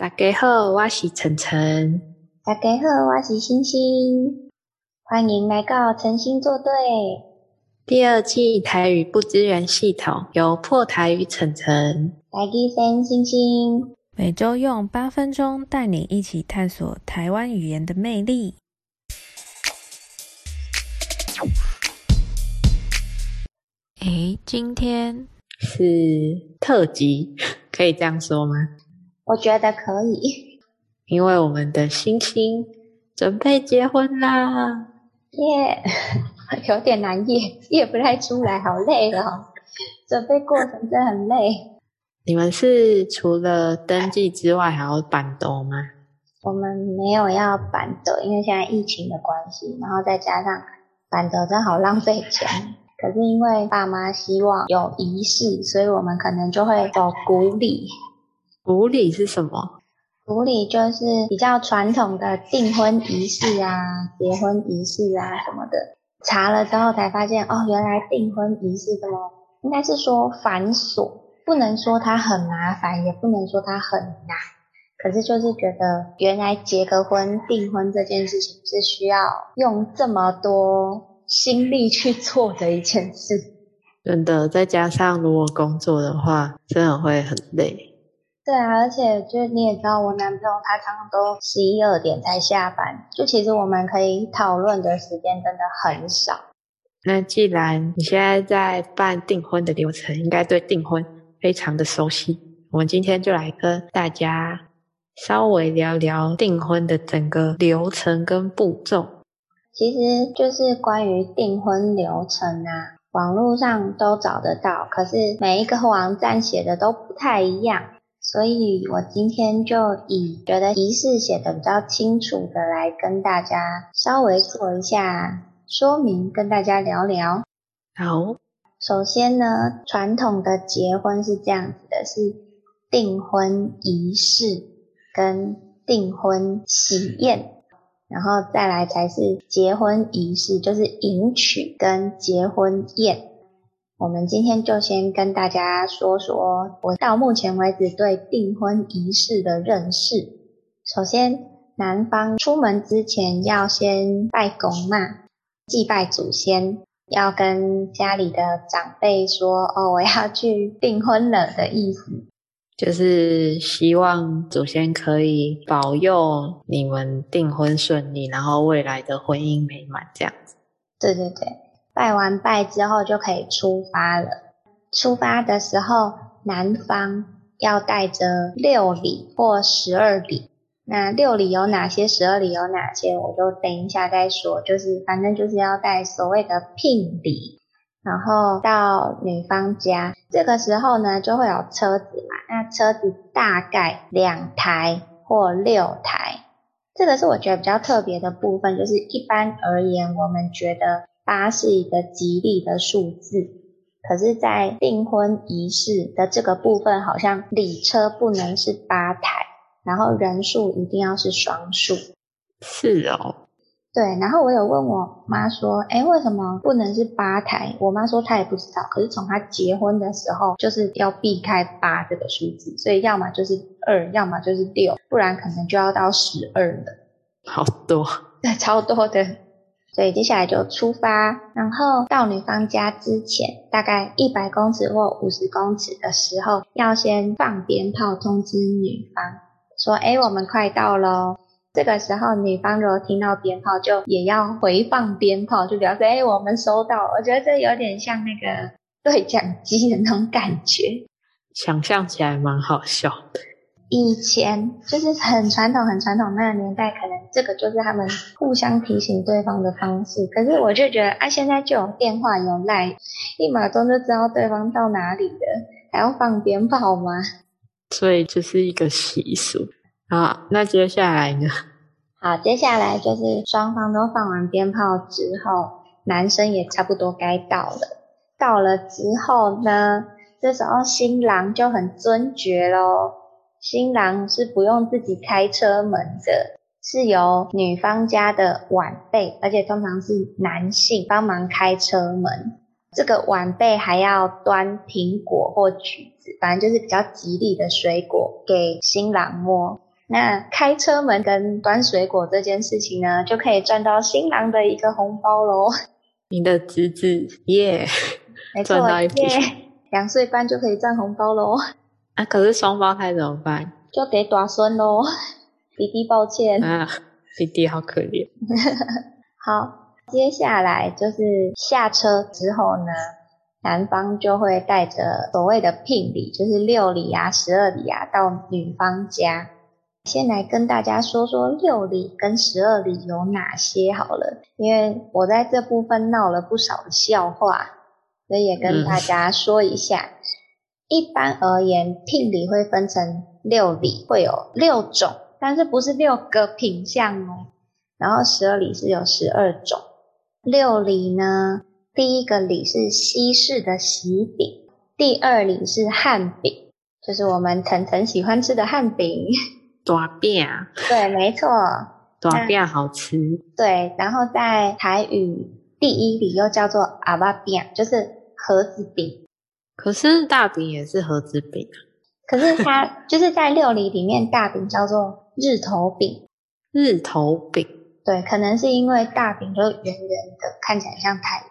大家好，我是岑岑。大家好，我是芯芯。歡迎來到岑芯作對第二季台語不支援系統，由破台語岑岑、台醫生芯芯每周用八分鐘帶你一起探索台灣語言的魅力。哎，今天是特輯，可以這樣說嗎？我覺得可以，因為我們的芯芯準備結婚啦！耶、yeah， 有點難演，演不太出來，好累哦。準備過程真的很累。你們是除了登記之外還要辦桌嗎？ 我們沒有要辦桌，因為現在疫情的關係，然後再加上辦桌真好浪費錢。可是因為爸媽希望有儀式，所以我們可能就會走古禮。古禮是什麼？古禮就是比較傳統的訂婚儀式啊、結婚儀式啊什麼的。查了之後才發現，哦，原來訂婚儀式這麼，應該是說繁瑣，不能說它很麻煩，也不能說它很難。可是就是覺得，原來結個婚、訂婚這件事情是需要用這麼多心力去做的一件事。真的，再加上如果工作的話，真的會很累。對啊，而且就是你也知道，我男朋友他常常都十一二點才下班，就其實我們可以討論的時間真的很少。那既然你現在在辦訂婚的流程，應該對訂婚非常的熟悉。我們今天就來跟大家稍微聊聊訂婚的整個流程跟步驟。其實就是關於訂婚流程啊，網絡上都找得到，可是每一個網站寫的都不太一樣。所以我今天就以覺得儀式寫得比較清楚的來跟大家稍微做一下說明，跟大家聊聊。好，首先呢，傳統的結婚是這樣子的，是訂婚儀式跟訂婚喜宴，然後再來才是結婚儀式，就是迎娶跟結婚宴。我們今天就先跟大家說說，我到目前為止對訂婚儀式的認識。首先，男方出門之前要先拜公媽，祭拜祖先，要跟家裡的長輩說：“哦，我要去訂婚了”的意思，就是希望祖先可以保佑你們訂婚順利，然後未來的婚姻美滿這樣子。對對對。拜完拜之後就可以出發了。出發的時候，男方要帶着六禮或十二禮。那六禮有哪些？十二禮有哪些？我就等一下再說。就是反正就是要帶所謂的聘禮，然後到女方家。這個時候呢，就會有車子嘛。那車子大概兩台或六台。這個是我覺得比較特別的部分。就是一般而言，我們覺得。八是一個吉利的數字，可是，在訂婚儀式的這個部分，好像禮車不能是八台，然後人數一定要是雙數。是哦，對。然後我有問我媽說：“誒，為什麼不能是八台？”我媽說她也不知道。可是從她結婚的時候，就是要避開八這個數字，所以要麼就是二，要麼就是六，不然可能就要到十二了。好多，對，超多的。所以接下來就出發，然後到女方家之前大概一百公尺或五十公尺的時候，要先放鞭炮通知女方，說：“哎，我們快到咯。”這個時候，女方如果聽到鞭炮，就也要回放鞭炮，就表示：“哎，我們收到。”我覺得這有點像那個對講機的那種感覺，嗯，想象起來蠻好笑的。以前就是很傳統、很傳統那個年代，可能。這個就是他們互相提醒對方的方式。可是我就覺得，啊，現在就有電話有 Line，一秒鐘就知道對方到哪裡了。還要放鞭炮嗎？所以這是一個習俗。好啊，那接下來呢？好，接下來就是雙方都放完鞭炮之後，男生也差不多該到了。到了之後呢，這時候新郎就很尊爵咯。新郎是不用自己開車門的。是由女方家的晚輩，而且通常是男性幫忙開車門。這個晚輩還要端蘋果或橘子，反正就是比較吉利的水果給新郎摸。那開車門跟端水果這件事情呢，就可以賺到新郎的一個紅包嘍。你的侄子耶，賺到一筆，yeah，耶，欸，兩歲半就可以賺紅包嘍。啊，可是雙胞胎怎麼辦？就給大孫嘍。弟弟，抱歉。啊，弟弟好可憐。 好，接下來就是下車之後呢，男方就會帶着所謂的聘禮，就是六禮啊、十二禮啊，到女方家。先來跟大家說說六禮跟十二禮有哪些好了，因為我在這部分鬧了不少笑話，所以也跟大家說一下。嗯。一般而言，聘禮會分成六禮，會有六種。但是不是六個品項哦，然後十二禮是有十二種，六禮呢，第一個禮是西式的喜餅，第二禮是漢餅，就是我們岑岑喜歡吃的漢餅大餅啊，對，沒錯，大餅好吃，對，然後在台語，第一禮又叫做阿巴餅，就是盒子餅，可是大餅也是盒子餅啊，可是它就是在六禮裡面，大餅叫做。日頭餅，日頭餅，對，可能是因為大餅都圓圓的，看起來像太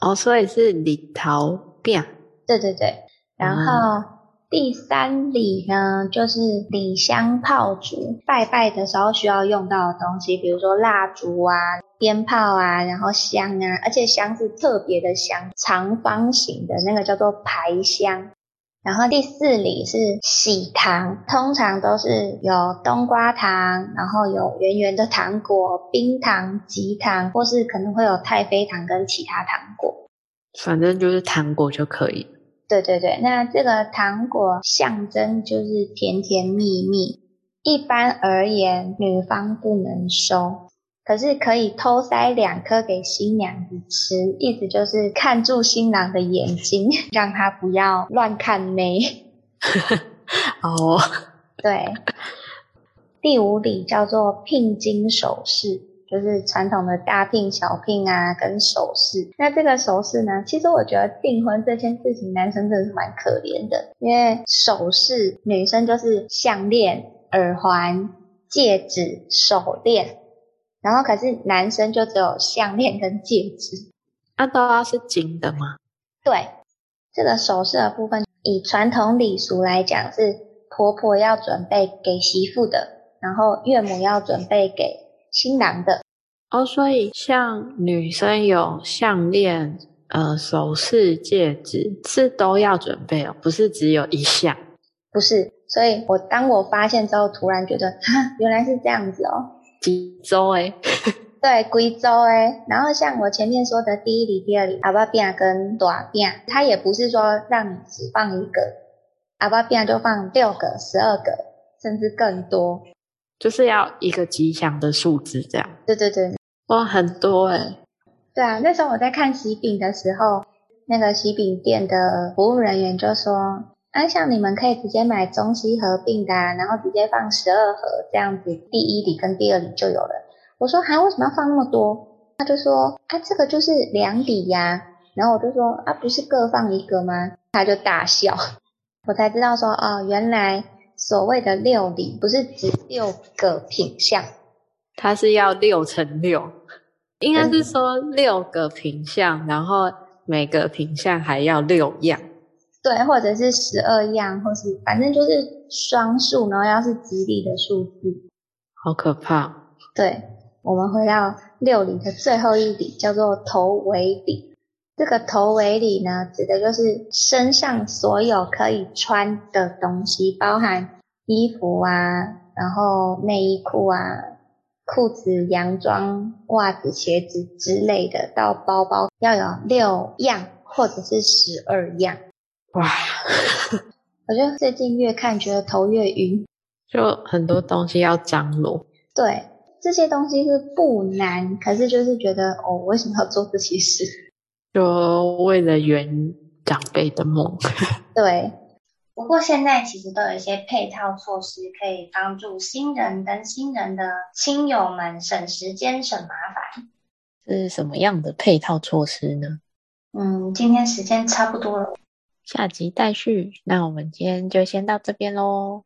陽，哦，所以是禮頭餅。對對對，然後、啊、第三禮呢，就是禮香炮竹，拜拜的時候需要用到的東西，比如說蠟燭啊、鞭炮啊，然後香啊，而且香是特別的香，長方形的那個叫做排香。然後第四禮是喜糖，通常都是有冬瓜糖，然後有圓圓的糖果、冰糖、吉糖，或是可能會有太妃糖跟其他糖果。反正就是糖果就可以。對對對，那這個糖果象徵就是甜甜蜜蜜。一般而言，女方不能收。可是可以偷塞兩顆給新娘子吃，意思就是看住新郎的眼睛，讓他不要亂看妹呵哦， 對， 第五禮叫做聘金首飾，就是傳統的大聘、小聘啊，跟首飾。那這個首飾呢，其實我覺得訂婚這件事情，男生真的是蠻可憐的，因為首飾女生就是項鏈、耳環、戒指、手鏈。然後，可是男生就只有項鏈跟戒指。那都要是金的嗎？對，這個首飾的部分，以傳統禮俗來講，是婆婆要準備給媳婦的，然後岳母要準備給新郎的。哦，所以像女生有項鏈、呃，首飾、戒指是都要準備哦，不是只有一項。不是，所以我當我發現之後，突然覺得，原來是這樣子哦。貴州哎， 對，貴州哎。然後像我前面說的第一禮、第二禮，阿婆餅跟大餅，它也不是說讓你只放一個，阿婆餅就放六個、十二個，甚至更多，就是要一個吉祥的數字這樣。對對對，哇，很多哎、欸。對啊，那時候我在看喜餅的時候，那個喜餅店的服務人員就說啊，像你們可以直接買中西合併的、啊，然後直接放十二盒這樣子，第一禮跟第二禮就有了。我說還、啊、為什麼要放那麼多？他就說啊，這個就是兩禮呀、啊。然後我就說啊，不是各放一個嗎？他就大笑。我才知道說啊、哦，原來所謂的六禮不是指六個品相，他是要六乘六，應該是說六個品相，然後每個品相還要六樣。對，或者是十二樣，或是反正就是雙數，然後要是吉利的數字，好可怕。對，我們回到六禮的最後一禮叫做頭尾禮。這個頭尾禮呢，指的就是身上所有可以穿的東西，包含衣服啊，然後內衣褲啊、褲子、洋裝、襪子、鞋子之類的，到包包要有六樣或者是十二樣。哇， 我覺得最近越看覺得頭越暈，就很多東西要張羅。對，這些東西是不難，可是就是覺得哦，我為什麼要做這些事？就為了圓長輩的夢。 對，不過現在其實都有一些配套措施，可以幫助新人跟新人的親友們省時間、省麻煩。這是什麼樣的配套措施呢？嗯，今天時間差不多了。下集待續，那我們今天就先到這邊嘍。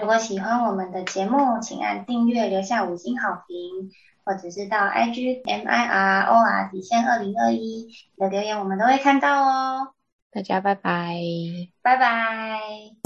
如果喜歡我們的節目，請按訂閱，留下五星好評，或者是到 I G M I R R O R 底線二零二一你的留言，我們都會看到哦。大家拜拜，拜拜。